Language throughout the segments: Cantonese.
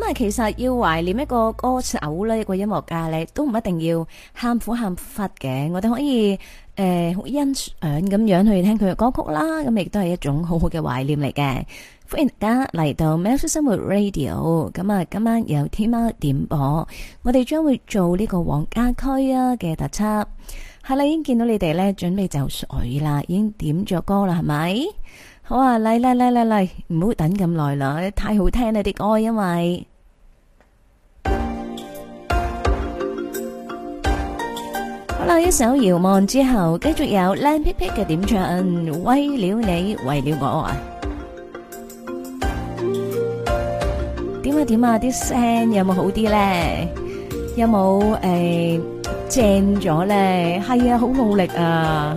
咁啊，其實要懷念一個歌手咧，一個音樂家咧，都唔一定要喊苦喊忽嘅。我哋可以誒，呃、欣賞咁樣去聽佢嘅歌曲啦。咁亦都係一種好好嘅懷念嚟嘅。歡迎大家嚟到《喵式生活 Radio》。咁啊，今晚有天喵點播，我哋將會做呢個黃家駒啊嘅特輯。吓，你已經見到你哋咧，準備就水啦，已經點咗歌啦，係咪？好啊，嚟嚟嚟嚟嚟，唔好等咁耐啦，太好聽啦啲歌，因為。好啦，一首遙望之後，繼續有靚屁屁嘅點唱，為了你，為了我啊！點啊點啊，啲聲有冇好啲咧？有冇誒正咗咧？係啊，好努力啊！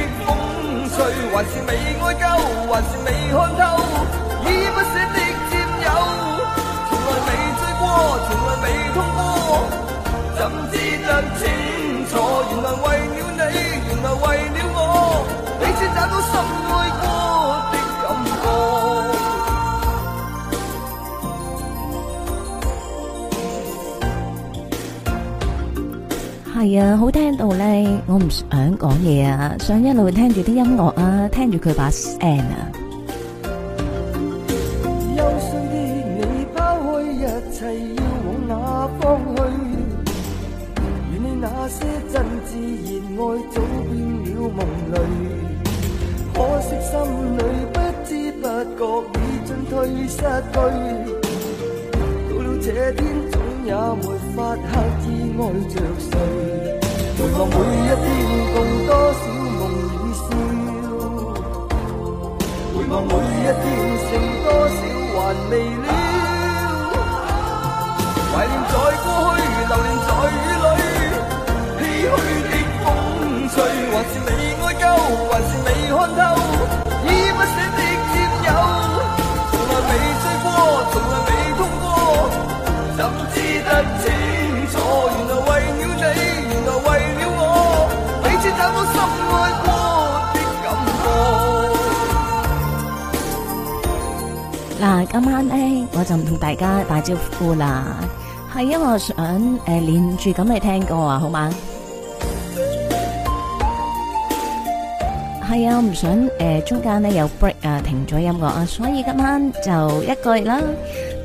還是未愛夠，還是未看透，依依不捨的占有，從來未醉過，從來未痛過，怎知得清楚？原來為了你，原來為了我，彼此找到心愛過。係啊，好聽到咧，我唔想講嘢啊，想一路聽住啲音樂啊，聽住佢把聲啊。這天總也沒法克制愛着誰，回望每一天共多少夢與笑，回望每一天剩多少還未了。懷念在過去流連在雨裏，唏噓的風吹還是未愛夠，還是未看透，已不捨的。的了你，嗱，今晚咧我就唔同大家打招呼啦，係因為我想誒、呃、連住咁嚟聽歌啊，好嗎？係啊，我唔想誒、呃、中間咧有 break 啊，停咗音樂啊，所以今晚就一個月啦。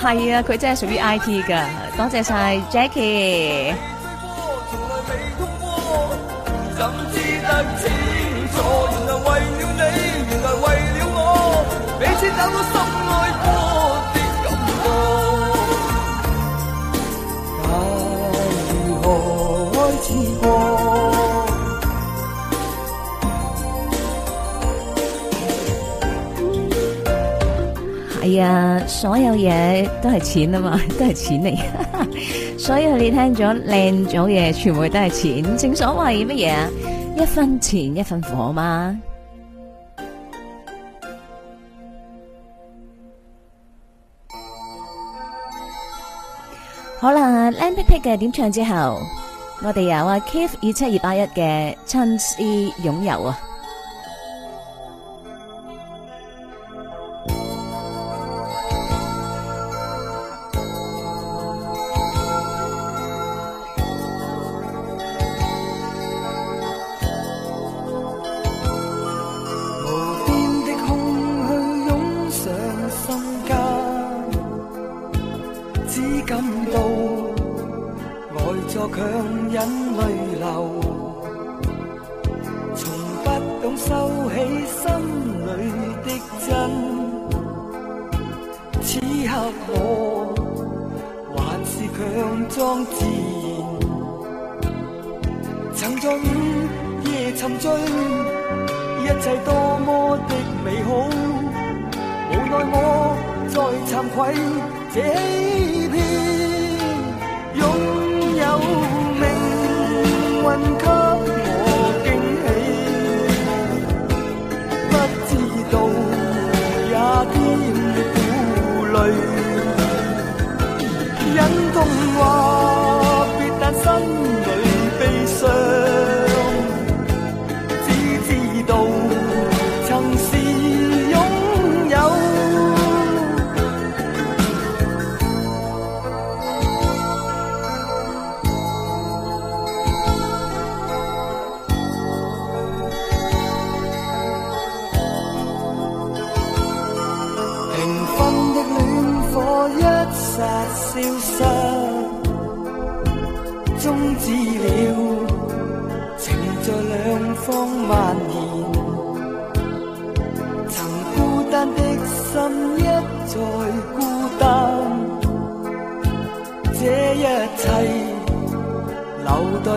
係啊，佢真係屬於 IT 㗎，多謝晒 Jackie。所有嘢都係錢啊嘛，都係錢嚟， 所以你聽咗靚咗嘢，東西全部都係錢。正所謂乜嘢？一分錢一分貨嘛。 好啦，靚屁屁嘅點唱之後，我哋有啊 Kev 二七二八一嘅親啲擁有啊。忍痛話。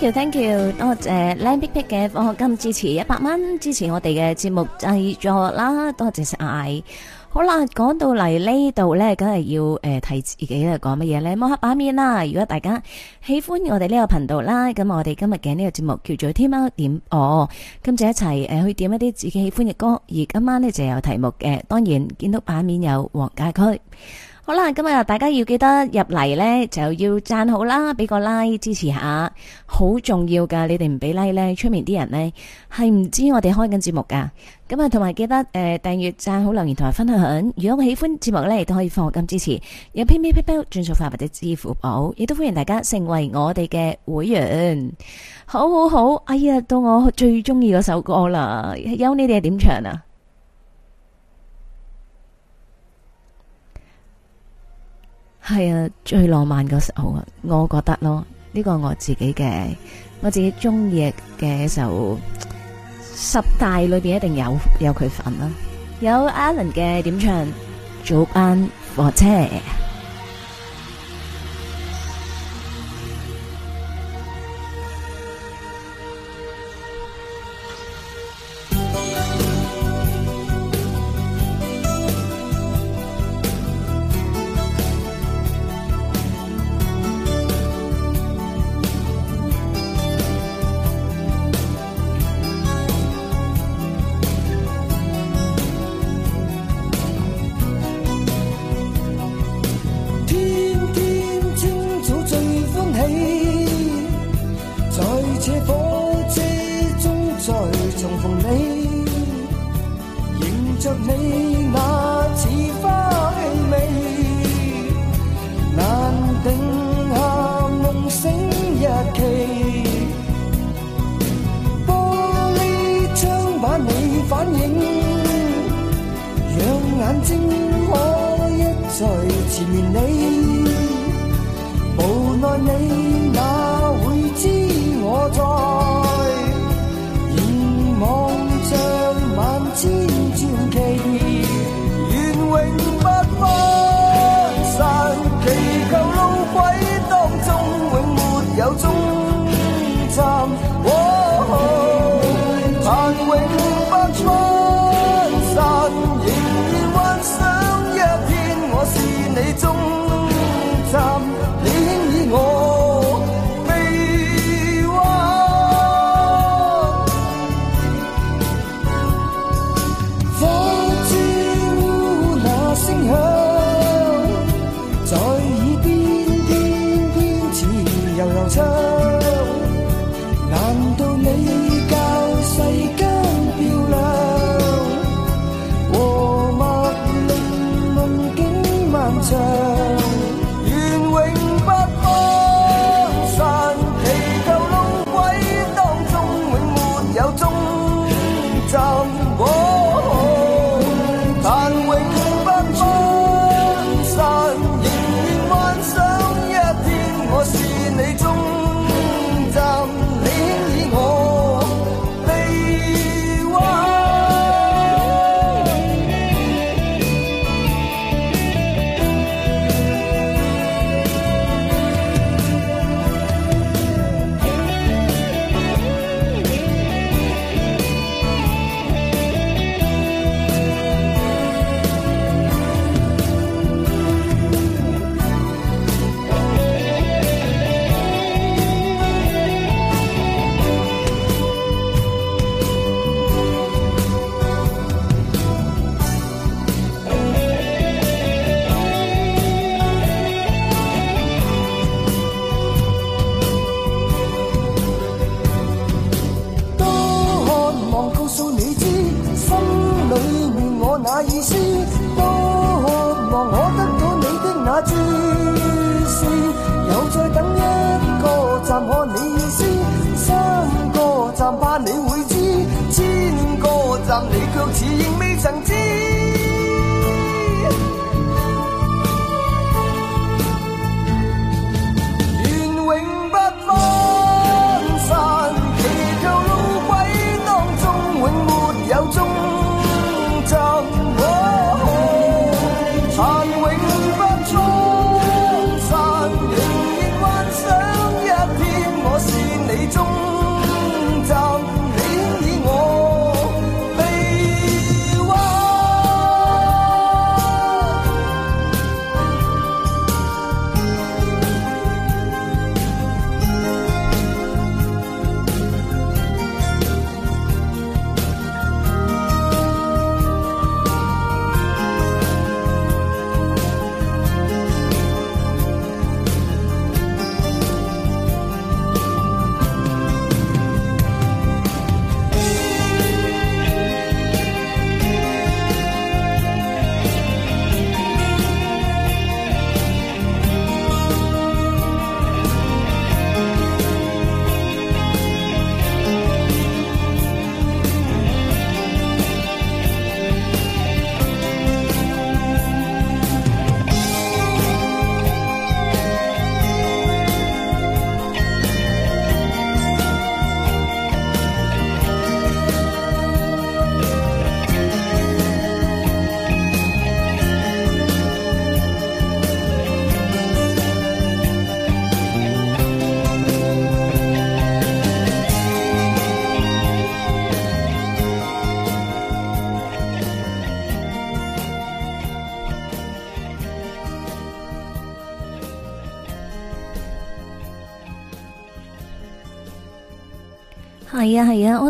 Thank you，多謝靚碧碧嘅課金支持一百蚊，支持我哋嘅節目製作啦，多謝晒。好啦，講到嚟呢度呢，梗係要誒睇自己喺度講乜嘢呢？摸黑版面啦。如果大家喜歡我哋呢個頻道啦，咁我哋今日嘅呢個節目叫做天喵點播，今次一齊誒去點一啲自己喜歡嘅歌。而今晚呢，就有題目嘅，當然見到版面有黃家駒。好啦，今日大家要記得入嚟，呢，就要贊好啦，俾個 like 支持下，好重要噶。你哋唔俾 like 呢，出面啲人呢，係唔知我哋開緊節目噶。咁啊，同埋記得誒訂閱、贊好留言同埋分享。如果我喜歡節目咧，都可以放金支持。有 PayPay、p in p 轉數法或者支付寶，亦都歡迎大家成為我哋嘅會員。好好好，哎呀，到我最中意嗰首歌啦，有你哋點唱啊？係啊，最浪漫嗰時候啊，我覺得咯，呢個我自己嘅，我自己中意嘅嘅一首十大裏邊一定有有佢份啦，有 Alan 嘅點唱早班火車。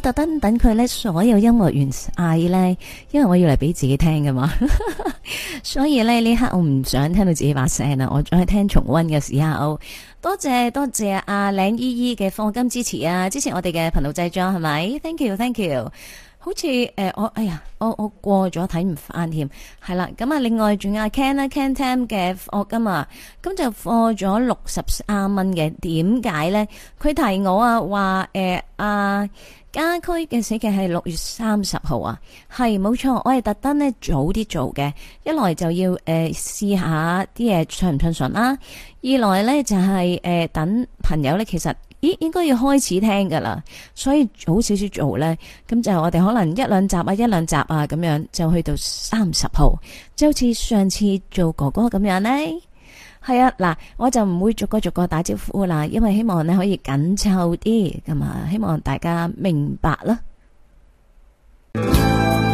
特登等佢咧，所有音樂員嗌咧，因為我要嚟俾自己聽噶嘛， 所以咧呢刻我唔想聽到自己把聲啊，我再去聽重溫嘅時候。多謝多謝阿靚姨姨嘅放金支持啊，支持我哋嘅頻道製作係咪？Thank you，Thank you thank you. 好似誒、呃、我哎呀我我過咗睇唔翻添，係啦，咁啊，另外仲有 Ken 咧 Ken Tam 嘅課金啊，咁就課咗六十三蚊嘅，點解咧？佢提我啊，話誒家駒嘅死期係六月三十號啊，係冇錯，我係特登咧早啲做嘅，一來就要誒、呃、試下啲嘢暢唔暢順啦、啊，二來咧就係、是、誒、呃、等朋友咧其實。咦，應該要開始聽噶啦，所以早少少做呢。咁就我哋可能一兩集啊，一兩集啊咁樣就去到三十號，就好似上次做哥哥咁樣呢。係啊，嗱，我就唔會逐個逐個打招呼啦，因為希望你可以緊湊啲，咁啊，希望大家明白啦。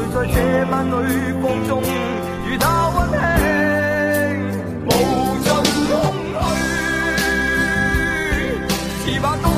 誰在這晚冷光中，與他温馨，無盡空虛。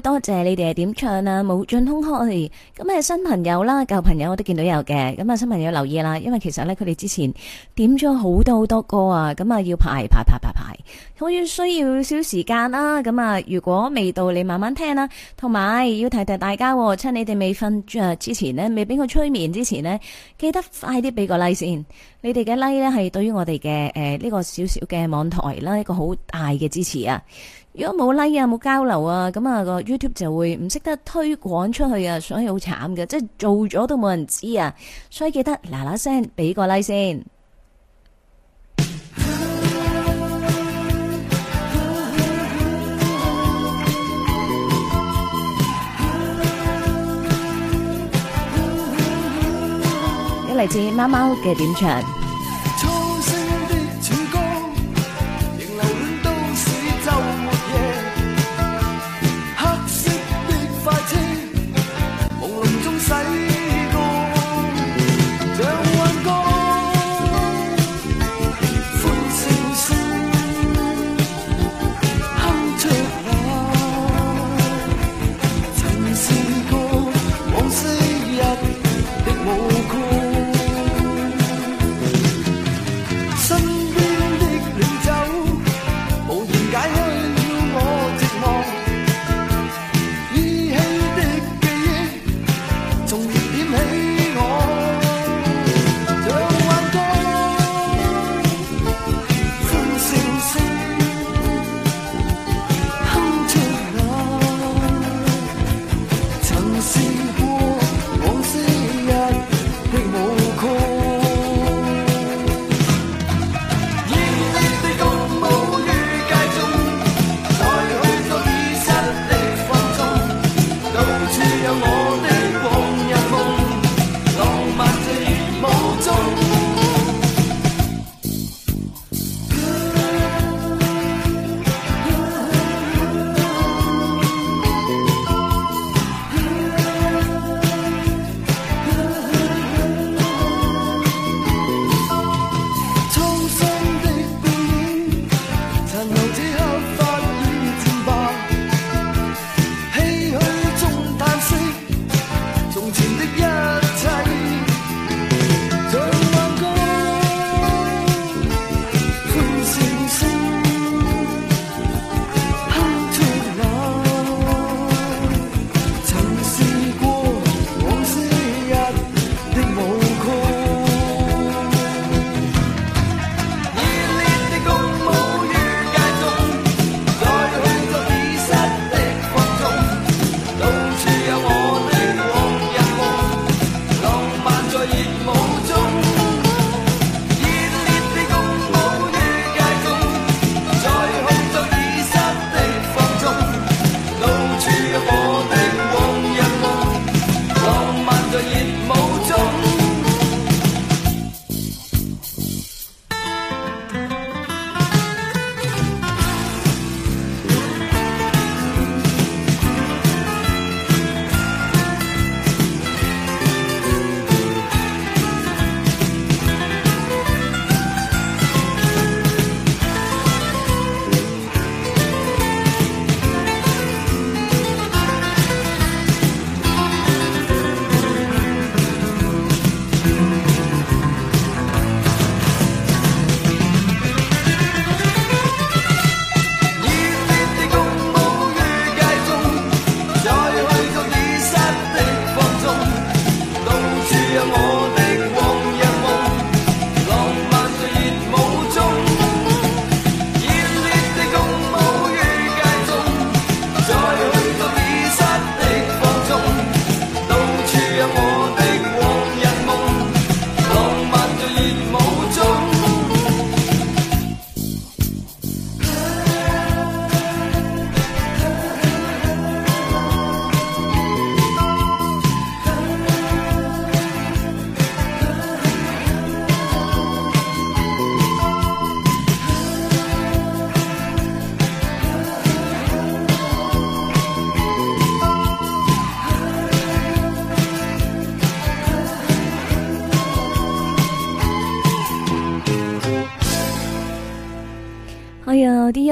多謝你哋係點唱啊，冇盡空開嚟。咁啊，新朋友啦，舊朋友我都見到有嘅。咁啊，新朋友留意啦，因為其實咧，佢哋之前點咗好多好多歌啊。咁啊，要排排排排排，好似需要少時間啦。咁啊，如果未到你慢慢聽啦，同埋要提提大家，趁你哋未瞓之前呢，未俾佢催眠之前呢，記得快啲俾個 like 先。你哋嘅 like 咧，係對於我哋嘅誒呢個少少嘅網台啦，一個好大嘅支持啊！如果冇 like 啊，冇交流啊，咁、那、啊個 YouTube 就會唔識得推廣出去啊，所以好慘嘅，即係做咗都冇人知啊，所以記得嗱嗱聲俾個 like 先。一嚟 自貓貓嘅點唱。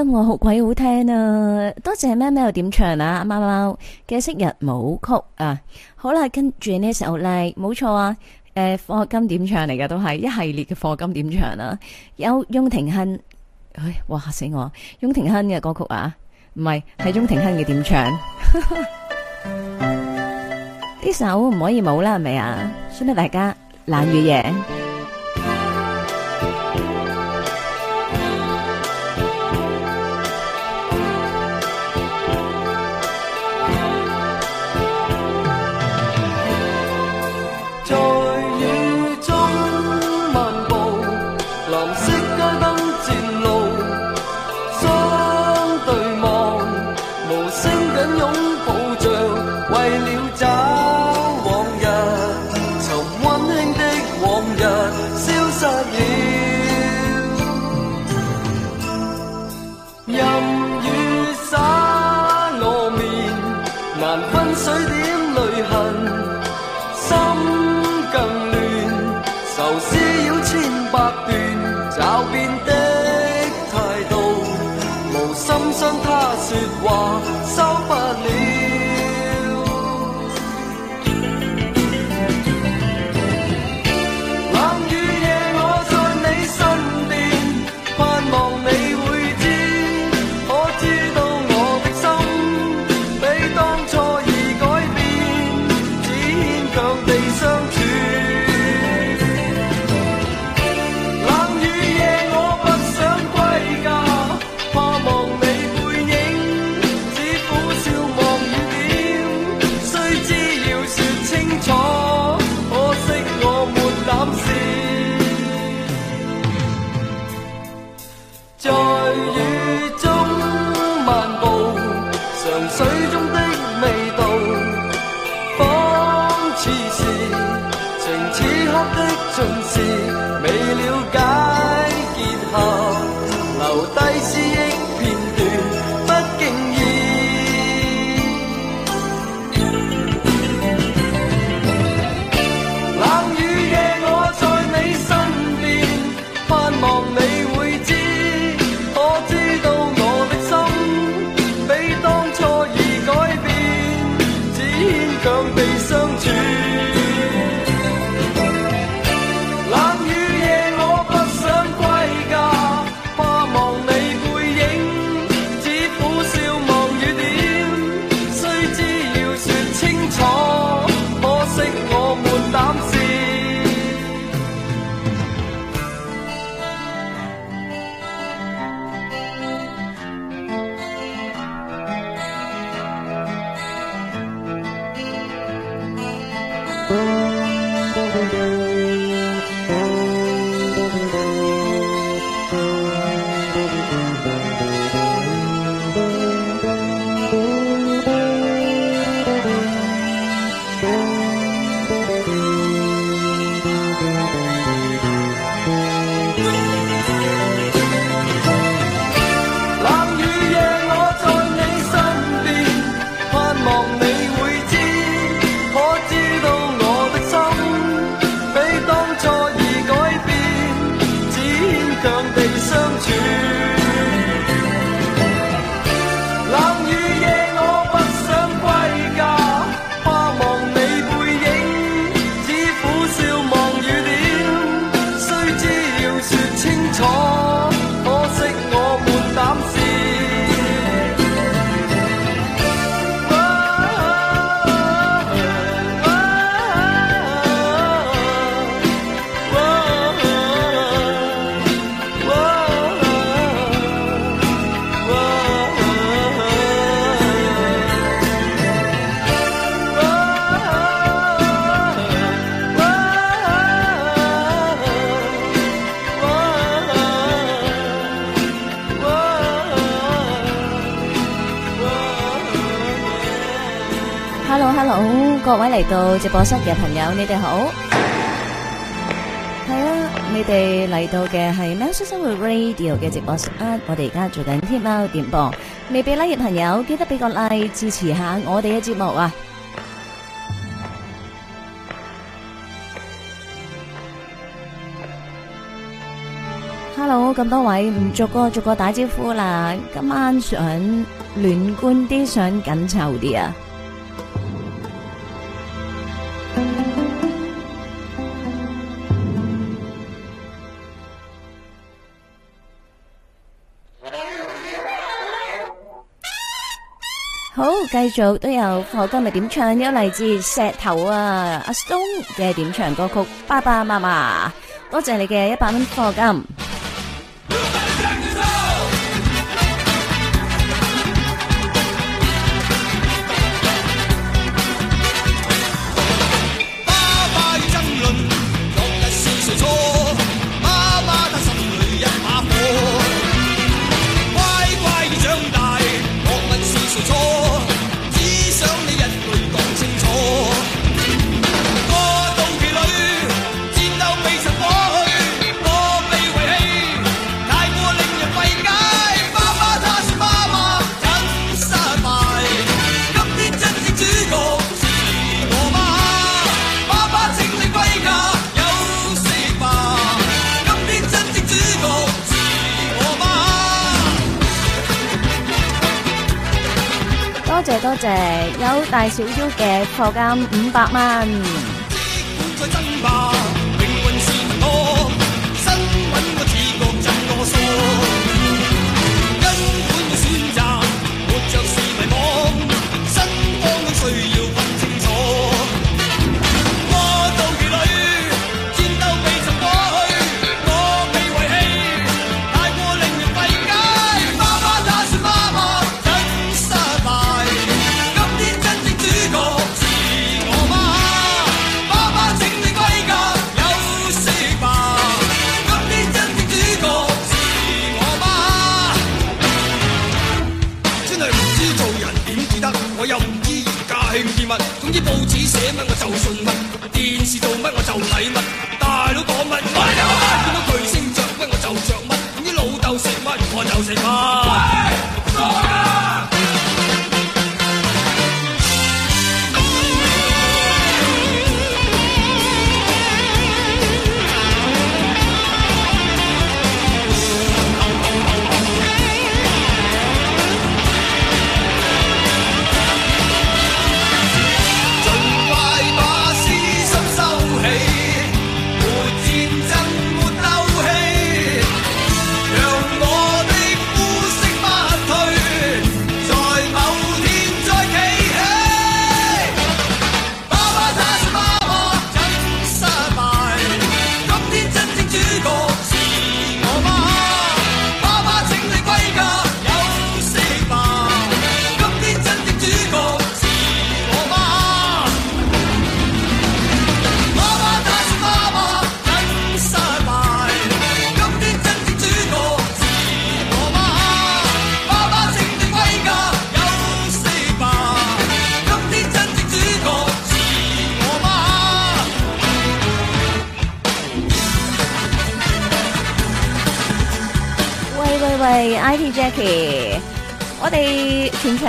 音樂好鬼好聽啊！多謝咩咩又點唱啊？阿貓貓嘅《昔日舞曲》啊，好啦，跟住呢一首嚟，冇錯啊！誒，課金點唱嚟嘅都係一系列嘅課金點唱啊。有雍廷亨，唉、哎，哇嚇死我！雍廷亨嘅歌曲啊，唔係係雍廷亨嘅點唱？呢首唔可以冇啦，係咪啊？算得大家冷雨夜。各位嚟到直播室嘅朋友，你哋好。係啊，你哋嚟到嘅係喵式生活 Radio 嘅直播室，我哋而家做緊天喵點播。未俾 like 嘅朋友，記得俾個 like 支持下我哋嘅節目啊！Hello，咁多位唔逐個逐個打招呼啦，今晚想連貫啲，想緊湊啲啊！繼續都有課金，咪點唱呢？來自石頭啊阿 stone 嘅點唱歌曲《爸爸媽媽》，多謝你嘅一百蚊課金。大小腰嘅破金五百蚊。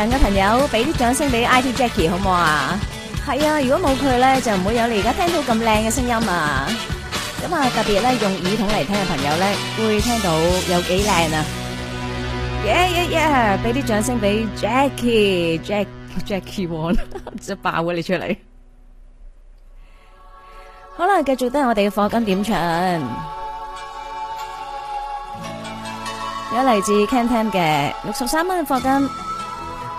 兩個朋友俾啲掌聲俾 IT Jackie 好唔好啊？係啊，如果冇佢咧，就唔會有你而家聽到咁靚嘅聲音啊！咁啊，特別咧用耳筒嚟聽嘅朋友咧，會聽到有幾靚啊！Yeah yeah yeah！俾啲掌聲俾 Jackie Jackie Jackie One，即係爆咗你出嚟。好啦，繼續都係我哋嘅課金點唱，有嚟自 Can Tam 嘅六十三蚊嘅課金。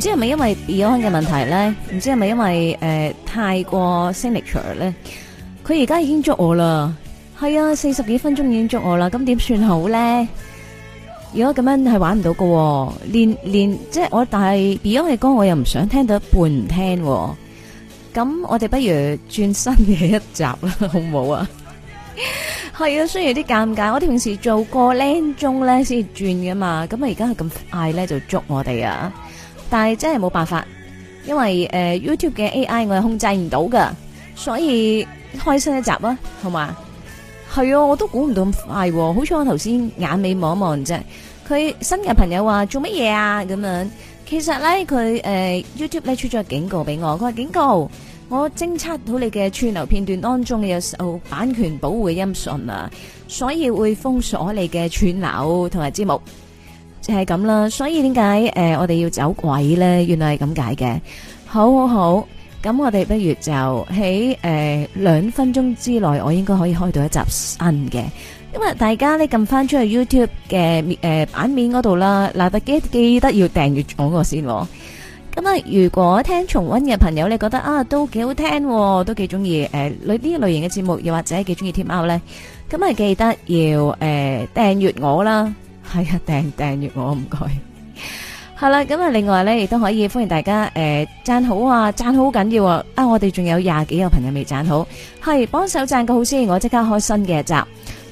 唔知係咪因為 Beyond 嘅問題咧？唔知係咪因為誒、呃、太過 signature 咧？佢而家已經捉我啦，係啊，四十幾分鐘已經捉我啦，咁點算好咧？如果咁樣係玩唔到嘅，喔，連連即係我，但係 Beyond 嘅歌我又唔想聽到一半唔聽，喔，咁我哋不如轉新嘅一集啦，好唔好啊？係 啊，雖然有啲尷尬，我哋平時做歌 len 中咧先轉嘅嘛，咁啊而家係咁快咧就捉我哋啊！但係真係冇辦法，因為誒、呃、YouTube 嘅 AI 我係控制唔到噶所以開新一集啊，好嘛？係啊，我都估唔到咁快、哦，好彩我頭先眼尾望一望啫。佢新嘅朋友話做乜嘢啊？咁樣，其實咧佢誒 YouTube 咧出咗個警告俾我，佢話警告我偵測到你嘅串流片段當中有受版權保護嘅音訊啊，所以會封鎖你嘅串流同埋節目。就係咁啦，所以點解誒我哋要走鬼呢？原來係咁解嘅。好好好，咁我哋不如就喺誒兩分鐘之內，我應該可以開到一集新嘅。因、嗯、為大家呢，撳翻出去 YouTube 嘅誒、呃、版面嗰度啦，嗱，特記記得要訂閱我個先。咁、嗯、啊，如果聽重溫嘅朋友你覺得啊都幾好聽，哦，都幾中意誒呢啲類型嘅節目，又或者幾中意天喵咧，咁啊記得要誒訂閱我啦。係啊，訂訂閱我唔該。好啦，咁啊，另外咧亦都可以歡迎大家誒讚好啊，讚好緊要啊！我哋仲有廿幾個朋友未讚好，係幫手讚個好先，我即刻開新嘅一集。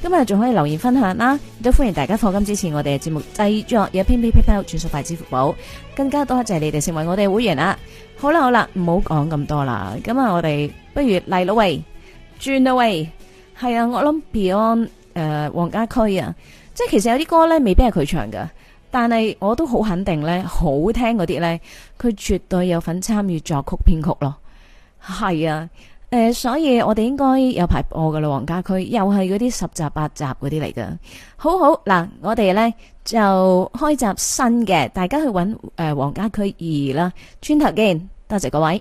今日仲可以留言分享啦，亦都歡迎大家課金支持我哋嘅節目製作，有 PayPal 轉數快支付寶，更加多謝你哋成為我哋會員啦。好啦好啦，唔好講咁多啦。咁啊，我哋不如嚟咯喂，轉咯喂，係啊，我諗 Beyond 誒，黃家駒啊。即係其實有啲歌呢未必係佢唱嘅，但係我都好肯定呢，好聽嗰啲呢，佢絕對有份參與作曲編曲咯。係啊，誒、呃，所以我哋應該有排播噶啦，黃家駒又係嗰啲十集八集嗰啲嚟噶。好好嗱，我哋呢就開集新嘅，大家去揾誒黃家駒二啦，轉頭見，多謝各位。